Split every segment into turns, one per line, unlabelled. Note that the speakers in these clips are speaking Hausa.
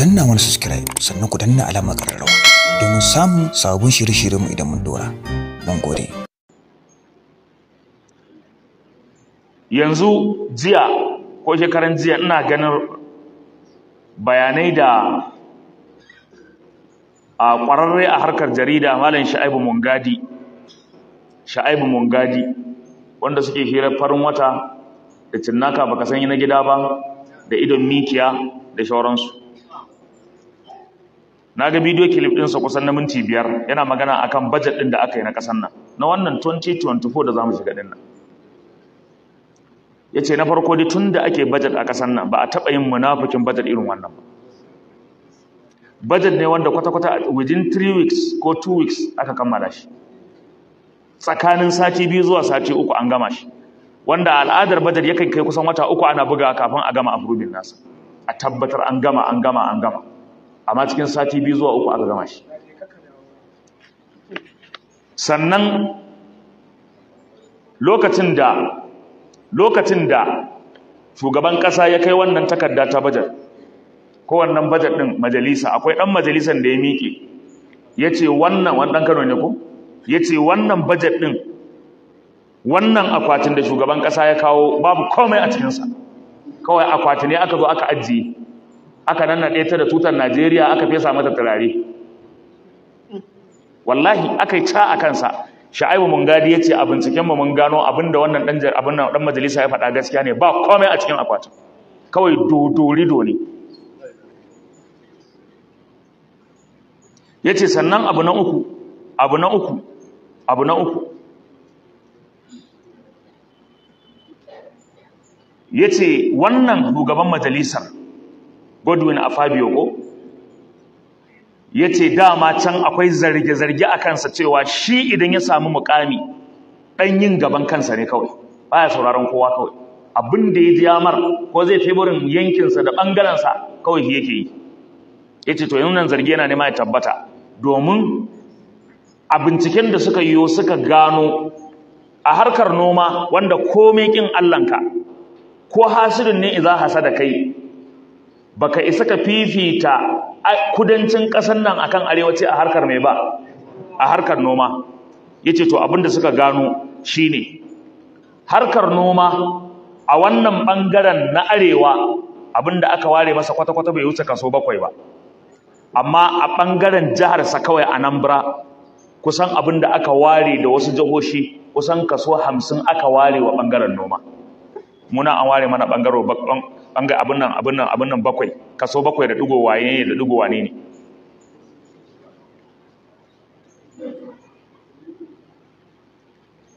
danna wani subscribe sannan ku danna alamar ƙararrawa domin samun sabon shirye-shiryenmu idan mun dora. Mun gode. Yanzu jiya ko shekaran jiya ina ganin bayanai da a ƙwararre a harkar jarida Malam Sha'ibu Mungadi Sha'ibu Mungadi wanda suke hira farin wata da cinnaka baka sanyi na gida ba da idon mikiya da shauransu na ga bidiyo kilif ɗinsa kusan na minti biyar yana magana akan bajet ɗin da aka yi na ƙasar nan na wannan 2024 da za mu shiga ɗin nan ya ce na farko dai tun da ake budget a ƙasar nan ba a taɓa yin munafukin budget irin wannan ba budget ne wanda kwata-kwata within 3 weeks ko 2 weeks aka kammala shi tsakanin sati biyu zuwa sati uku an gama shi wanda al'adar bajet yakan kai kusan wata uku ana buga kafin a gama afrobin nasa a tabbatar an gama an gama an gama amma cikin sati biyu zuwa uku aka gama shi sannan lokacin da lokacin da shugaban ƙasa ya kai wannan takarda ta bajar ko wannan bajar ɗin majalisa akwai ɗan majalisan da ya miƙe ya ce wannan wani ɗan kano ne ko ya ce wannan bajar ɗin wannan akwatin da shugaban ƙasa ya kawo babu komai a cikinsa kawai akwati ne aka zo aka ajiye aka nannaɗe ta da tutar najeriya aka fesa mata turare wallahi aka yi ca a kansa mun mungadi ya ce a bincikenmu mun gano abin da wannan ɗan majalisa ya faɗa gaskiya ne ba komai a cikin akwatin kawai dodori ne ya ce sannan abu na uku abu na uku abu na uku ya ce wannan shugaban majalisar godwin a fabio ko ya ce dama can akwai zarge-zarge a kansa cewa shi idan ya samu mukami ɗan yin gaban kansa ne kawai ba ya sauraron kowa kawai abin da ya diyamar ko zai fi teburin yankinsa da ɓangarensa kawai shi yake yi ya ce to yanzu nan zarge yana nema ya tabbata domin a binciken da suka yiwo suka gano a harkar noma wanda komai kin Allahnka ko hasirin ne za hasada kai baka isa ka fifita kudancin ƙasar nan akan arewaci a harkar mai ba a harkar noma yace to abin da suka gano shine harkar noma a wannan bangaren na arewa abin da aka ware masa kwata-kwata bai wuce kaso bakwai ba amma a bangaren jiharsa kawai anambra kusan abin da aka ware da wasu jihohi kusan kaso hamsin aka ware wa bangaren noma muna an ware mana bangaro an ga abin nan abin nan abin nan bakwai kaso bakwai da digo waye ne da digo wane ne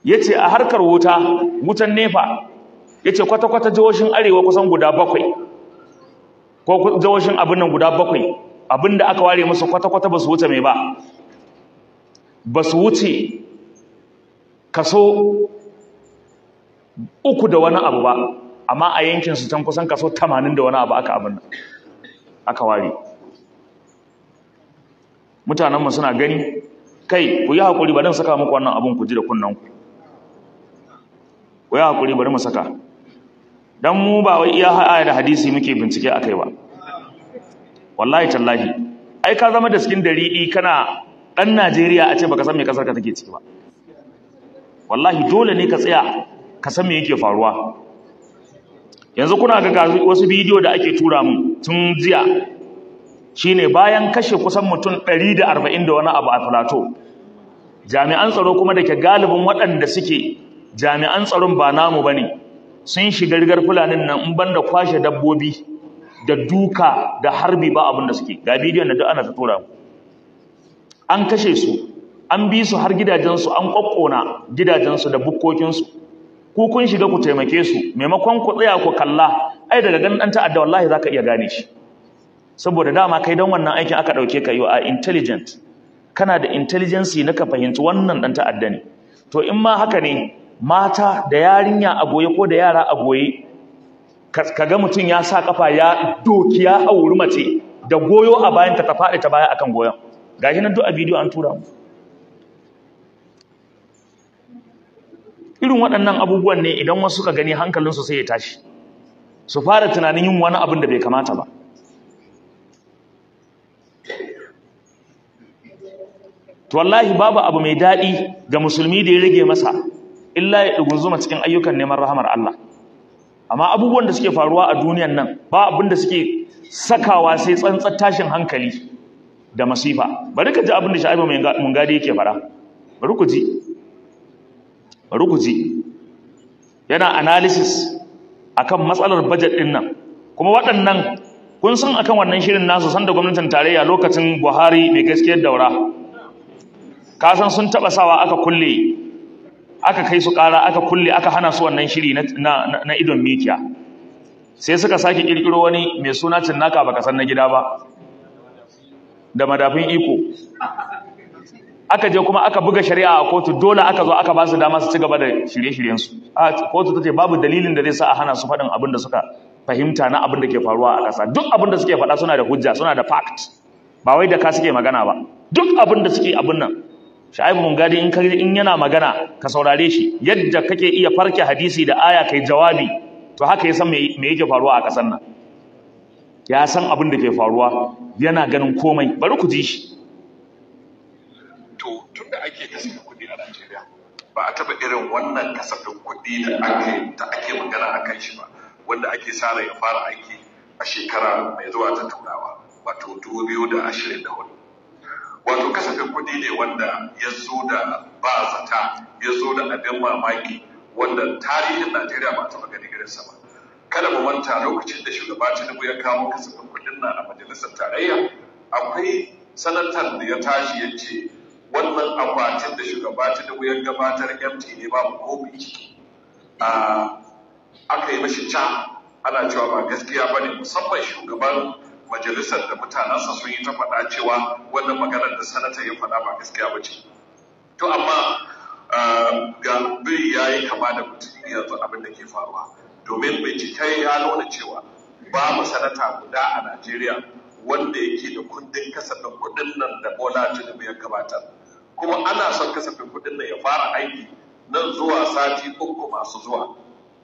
ya ce a harkar wuta wutan nefa ya ce kwata-kwata jawashin arewa kusan guda bakwai ko jawashin abin nan guda bakwai abin da aka ware musu kwata-kwata ba su wuce mai ba ba su wuce kaso uku da wani abu ba amma a yankin su can kusan kaso 80 da wani abu aka abin aka ware mutanen mu suna gani kai ku yi hakuri bari mu saka muku wannan abun ku ji da kunnan ku ku yi hakuri bari mu saka dan mu ba wai iya aya da hadisi muke bincike akai ba wallahi tallahi ai ka zama da cikin dariɗi kana dan Najeriya a ce baka san me kasar ka take ciki ba wallahi dole ne ka tsaya ka san me yake faruwa yanzu kuna ga wasu bidiyo da ake tura mu tun jiya shine bayan kashe kusan mutum 140 da wani abu a plateau jami'an tsaro kuma da ke galibin waɗanda suke jami'an tsaron ba namu ba ne. sun shiga rigar fulanin nan in banda kwashe dabbobi da duka da harbi ba abin da suke ga bidiyon da duk ana tura an kashe su an bi su har gidajensu an kokkona gidajensu da bukkokinsu ku kun shiga ku taimake su maimakon ku tsaya ku kalla ai daga ganin dan ta'adda wallahi zaka iya gane shi saboda dama kai dan wannan aikin aka dauke ka yiwa a intelligent kana da intelligence na ka fahimci wannan dan ta'adda ne to in ma haka ne mata da yarinya a goye ko da yara a goye kaga mutum ya sa kafa ya doki ya auri mace da goyo a bayanta ta faɗi ta baya akan goyon gashi nan duk a bidiyo an tura mu irin waɗannan abubuwan ne idan wasu suka gani hankalinsu sai ya tashi su fara tunanin yin wani abin da bai kamata ba to wallahi babu abu mai daɗi ga musulmi da ya rage masa illa ya ɗugunzuma cikin ayyukan neman rahamar Allah amma abubuwan da suke faruwa a duniyan nan ba abin da suke sakawa sai tsantsar tashin hankali da masifa bari ka ji abin da sha'ibu mun gadi yake fara bari ku ji bari yana analysis akan matsalar budget din nan kuma waɗannan kun san akan wannan shirin nasu san da gwamnatin tarayya lokacin Buhari mai gaskiyar daura ka san sun taba sawa aka kulle aka kai su ƙara aka kulle aka hana su wannan shiri na idon mikiya sai suka sake kirkiro wani mai suna cinnaka baka san na gida ba da madafin iko aka je kuma aka buga shari'a a kotu dole aka zo aka ba su dama su ci gaba da shirye su a kotu ta ce babu dalilin da zai sa a hana su faɗin abin da suka fahimta na abin da ke faruwa a ƙasa duk abin da suke faɗa suna da hujja suna da fact ba wai da ka suke magana ba duk abin da suke abin nan sha'ibu mun gadi in in yana magana ka saurare shi yadda kake iya farke hadisi da aya kai jawabi to haka ya san me yake faruwa a ƙasar nan ya san abin da ke faruwa yana ganin komai bari ku ji shi
da ake kasafin kuɗi a Najeriya ba a taɓa irin wannan kasafin kuɗi da ake da ake magana a kan shi ba wanda ake sa ya fara aiki a shekara mai zuwa ta turawa wato 2024. da ashirin da hudu wato kasafin kuɗi ne wanda ya zo da ba zata ya zo da abin mamaki wanda tarihin Najeriya ba taɓa gani sa ba kada mu manta lokacin da shugaba Tinubu ya kawo kasafin kuɗin nan a majalisar tarayya akwai sanatar da ya tashi ya ce
wannan akwatin
da shugabata da wuyar gabatar mt ne babu ko ciki aka yi mashi ca ana cewa ba gaskiya ba ne musamman shugaban majalisar da mutanensa sun yi ta faɗa cewa wannan maganar da sanata ya faɗa ba gaskiya ba ce to amma ga biri ya yi kama da mutum yanzu abin da ke faruwa domin bincike ya nuna cewa babu sanata guda a najeriya wanda yake da kundin kasafin kuɗin nan da bola tinubu ya gabatar kuma ana son kasafin kuɗin nan ya fara aiki nan zuwa sati uku masu zuwa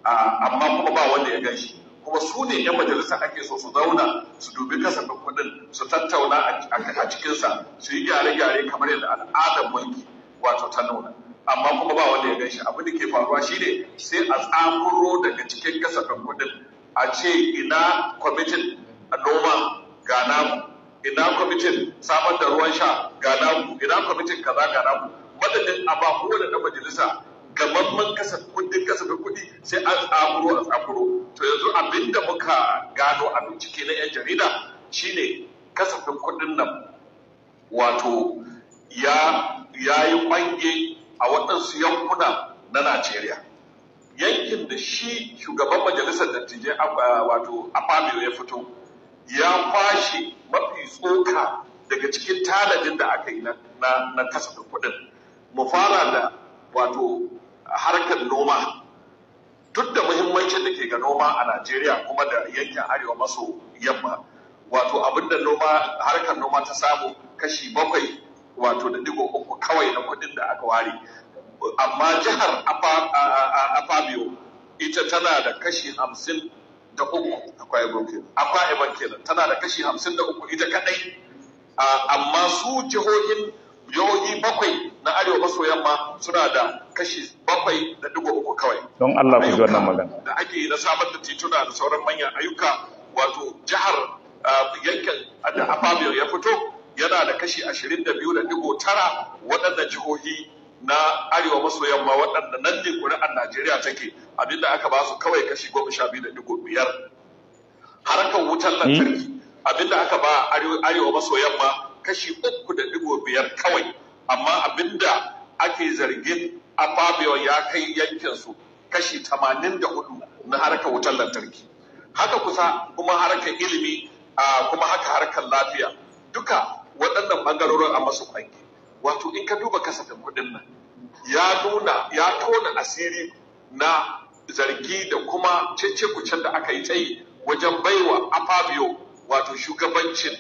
amma kuma ba wanda ya gan shi kuma su ne 'yan majalisa ake so su zauna su dubi kasafin kuɗin su tattauna a cikinsa su yi gyare-gyare kamar yadda al'adar mulki wato ta nuna amma kuma ba wanda ya gan shi abin da ke faruwa shi ne sai a tsamuro daga cikin kasafin kuɗin a ce ina kwamitin a noma ga namu ina kwamitin samar da ruwan sha ga namu ina kwamitin kaza ga namu madadin a ba na majalisa man kasafin kundin kasafin kuɗi sai an tsamuro a tsamuro to yanzu abin muka gano a bincike na yan jarida shine kasafin kuɗin nan wato ya yi kwange a waɗansu yankuna na najeriya yankin da shi shugaban majalisar dattijai wato a ya fito ya kwashe mafi tsoka daga cikin tanadin da aka yi na kasafin kuɗin mu fara da wato harkar noma duk da muhimmancin da ke ga noma a najeriya kuma da yankin arewa maso yamma wato abinda noma harkar noma ta samu kashi bakwai wato da digo uku kawai na kuɗin da aka ware amma jihar afabio ita tana da kashi hamsin da uku akwai ibon kenan tana da kashi hamsin da uku ita kadai ah, amma su jihohin jihohi bakwai na arewa maso yamma suna da kashi bakwai da dubu uku kawai don Allah ku ji wannan magana da ake na samar da tituna da sauran manyan ayyuka wato jihar ah, yankin da afabiyar ya fito yana da kashi ashirin da biyu da digo tara waɗannan jihohi na arewa maso yamma waɗanda nan ne ƙuri'ar Najeriya take abinda aka ba su kawai kashi goma sha biyu da digo biyar. Harkar wutar hmm? lantarki abinda aka ba arewa maso yamma kashi uku da digo biyar kawai amma abinda ake zargin ababewa ya kai yankin su kashi tamanin da hudu na harkar wutar lantarki. Haka kusa kuma harkar ilimi kuma haka harkar lafiya duka waɗannan bangarorin a masu kwanki. wato in ka duba kasafin kudin nan ya nuna ya tona asiri na zargi da kuma cece kucen da aka yi tsayi wajen baiwa afabio wato shugabancin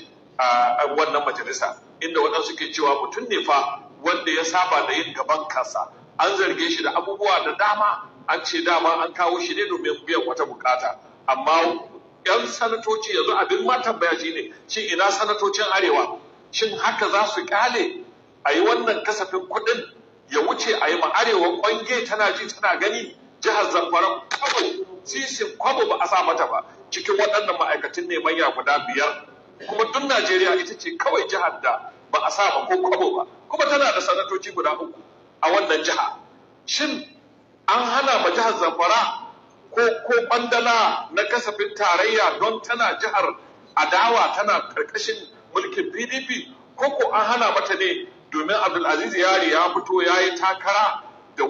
wannan majalisa inda waɗansu ke cewa mutum ne fa wanda ya saba da yin gaban kasa, an zarge shi da abubuwa da dama an ce dama an kawo shi ne domin biyan wata bukata amma yan sanatoci yanzu abin ma tambaya ne shin ina sanatocin arewa shin haka za su kyale a yi wannan kasafin kuɗin ya wuce a yi ma arewa kwange tana ji tana gani jihar zamfara kwabo sisin kwabo ba a sa mata ba cikin waɗannan ma'aikatan ne manya guda biyar kuma duk najeriya ita ce kawai jihar da ba a sa ba ko kwabo ba kuma tana da sanatoci guda uku a wannan jiha shin an hana ma jihar zamfara ko ko bandala na kasafin tarayya don tana jihar adawa tana karkashin mulkin pdp ko ko an hana mata ne domin abdulaziz yari ya fito ya yi takara da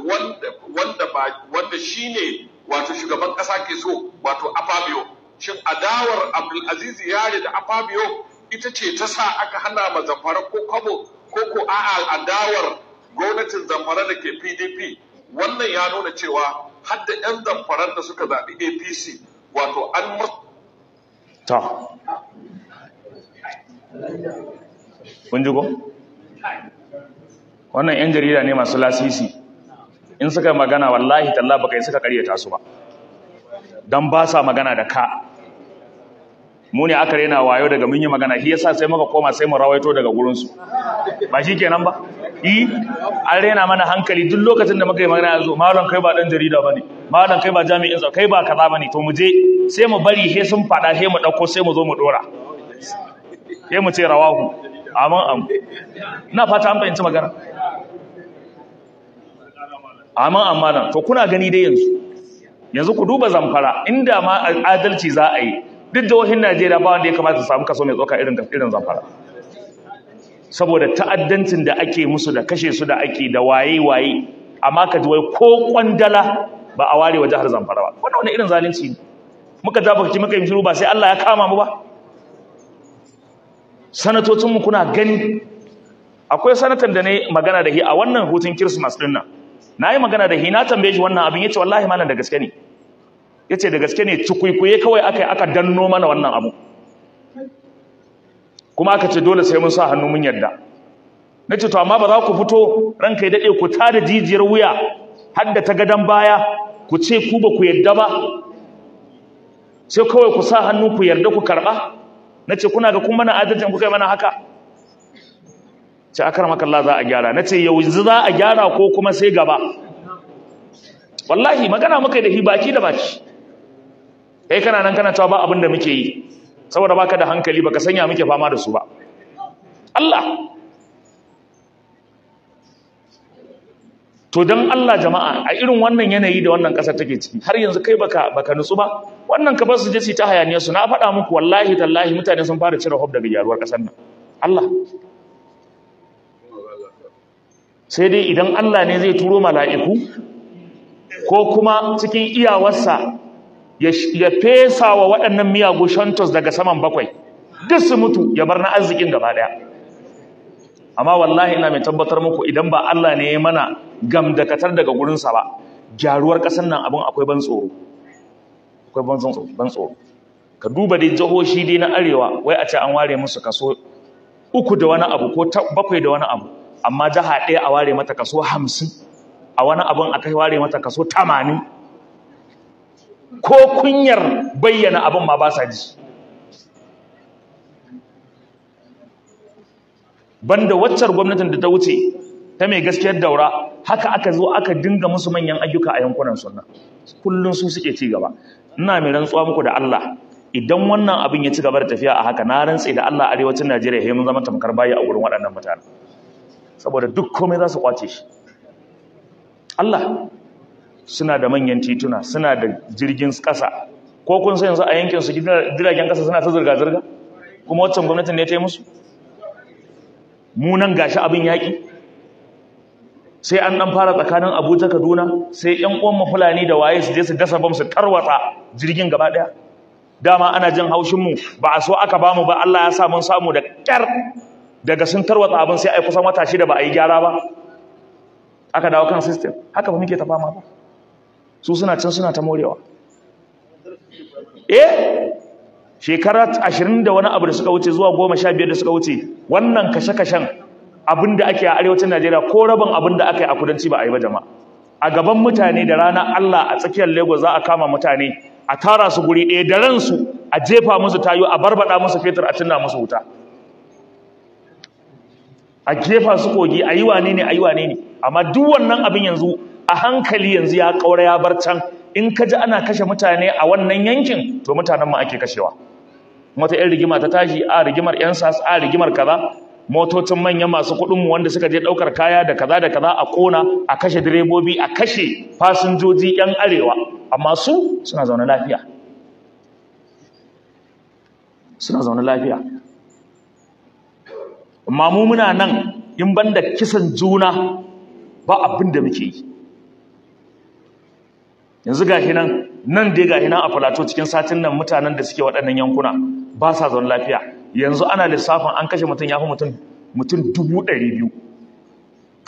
wanda shi ne wato shugaban ƙasa ke so wato afabio shin adawar abdulaziz yari da afabio ita ce ta sa aka hana ma zamfara ko kwabo ko ko a'a adawar gwamnatin zamfara da ke pdp wannan ya nuna cewa har da 'yan zamfara da suka zaɓi apc wato an
wannan 'yan jarida ne masu lasisi in suka magana wallahi talla baka yi suka karyata su ba don ba sa magana da ka mu ne aka rena wayo daga munyi magana shi yasa sai muka koma sai mu rawaito daga gurinsu ba shi kenan ba yi an rena mana hankali duk lokacin da muka yi magana yanzu malam kai ba dan jarida ba ne, malam kai ba jami'in tsaro kai ba kaza ne, to mu je sai mu bari he sun fada he mu dauko sai mu zo mu dora he mu ce rawahu amin am na fata an fahimci magana amin amana to kuna gani dai yanzu yanzu ku duba zamfara inda ma adalci za a yi duk jihohin Najeriya ba wanda ya kamata su samu kaso mai tsoka irin irin zamfara saboda ta'addancin da ake musu da kashe su da ake da waye waye amma ka ji wai ko kwandala ba a ware wa jihar Zamfara ba wannan wani irin zalunci ne muka ja baki muka yi shiru ba sai Allah ya kama mu ba Sanatocin mu kuna gani akwai sanatan da ne magana da hi a wannan hutun Kirismas din nan na yi magana da hi na tambaye shi wannan abin ya ce wallahi malam da gaske ne ya ce da gaske ne cikuikuye kawai aka aka danno mana wannan abu kuma aka ce dole sai mun sa hannu mun yarda na ce to amma ba za ku fito ranka ya daɗe ku da jijiyar wuya har da ta gadon baya ku ce ku ba ku yarda ba sai kawai ku sa hannu ku yarda ku karɓa nace kuna ga kun mana adadin kuka yi mana haka ce akramaka Allah za a gyara nace yanzu za a gyara ko kuma sai gaba wallahi magana muka da hibaki da baki kai kana nan kana cewa ba abin da muke yi saboda baka da hankali baka sanya muke fama da su ba Allah to dan Allah jama'a a irin wannan yanayi da wannan kasar take ciki har yanzu kai baka baka nutsu ba wannan ka bar su je su ta hayaniyar su na faɗa muku wallahi tallahi mutane sun fara cire hob daga yaruwar ƙasar nan Allah sai dai idan Allah ne zai turo mala'iku ko kuma cikin iyawarsa ya fesa wa waɗannan miyagu shantos daga saman bakwai duk su mutu ya bar na arzikin gaba ɗaya amma wallahi ina mai tabbatar muku idan ba Allah ne ya mana gamdakatar daga gurinsa ba gyaruwar ƙasar nan abin akwai ban tsoro akwai ban tsoro ka duba dai jihohi dai na arewa wai a ce an ware musu kaso uku da wani abu ko bakwai da wani abu amma jiha ɗaya a ware mata kaso hamsin a wani abin kai ware mata kaso tamanin ko kunyar bayyana abin ma ba sa ji banda waccar gwamnatin da ta wuce ta mai gaskiyar daura haka aka zo aka dinga musu manyan ayyuka a yankunan sunna kullun su suke ci gaba ina mai rantsuwa muku da Allah idan wannan abin ya ci gaba da tafiya a haka na rantse da Allah arewacin Najeriya sai mun zama tamkar bayi a gurin waɗannan mutane saboda duk komai za su kwace shi Allah suna da manyan tituna suna da jirgin ƙasa ko kun san yanzu a yankin su jiragen ƙasa suna ta zirga zirga kuma waccan gwamnatin ne ta yi musu mu nan gashi abin yaki sai an dan fara tsakanin Abuja Kaduna sai ƴan uwan mafulani da waye su je su dasa bam su tarwatsa jirgin gaba daya dama ana jin haushin mu ba a so aka bamu ba Allah ya sa mun samu da kyar daga sun tarwata abin sai ai kusan wata shida ba a yi gyara ba aka dawo kan system haka ba muke ta fama ba su suna can suna ta morewa eh shekara 20 da wani abu da suka wuce zuwa 15 da suka wuce wannan kashe-kashen abin da ake a arewacin Najeriya ko rabin abin da aka yi a kudanci ba a yi ba jama'a a gaban mutane da ranar Allah a tsakiyar Lagos za a kama mutane a tara su guri ɗaya da su a jefa musu tayo a barbada musu fetur a cinna musu wuta a jefa su kogi a yi wane ne a yi wane ne amma duk wannan abin yanzu a hankali yanzu ya kaura ya bar can in ka ji ana kashe mutane a wannan yankin to mutanen mu ake kashewa wata 'yan rigima ta tashi a rigimar 'yan sas a rigimar kaza motocin manya masu kuɗin mu wanda suka je ɗaukar kaya da kaza da kaza a kona a kashe direbobi a kashe fasinjoji yan arewa amma su suna zaune lafiya suna zaune lafiya amma mu muna nan in banda kisan juna ba abin da muke yi yanzu gashi nan nan dai gashi nan a filato cikin satin nan mutanen da suke waɗannan yankuna ba sa zaune lafiya yanzu ana lissafin an kashe mutum ya fi mutum mutum dubu ɗari biyu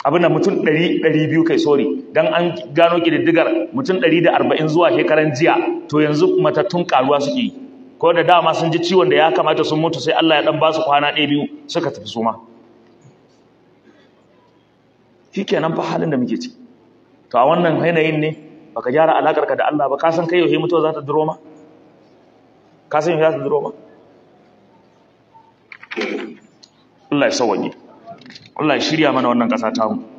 abinda mutum ɗari ɗari biyu kai sori don an gano ƙididdigar mutum ɗari da arba'in zuwa shekaran jiya to yanzu matattun ƙaruwa suke yi ko da dama sun ji ciwon da ya kamata sun mutu sai Allah ya ɗan ba su kwana ɗaya biyu suka tafi su ma shi kenan fa halin da muke ci? to a wannan yanayin ne baka gyara alaƙarka da Allah ba ka san kai yau mutuwa za ta duro ma ka san yau za ta duro ma Allah ya sawwaje Allah ya shirya mana wannan ƙasa tamu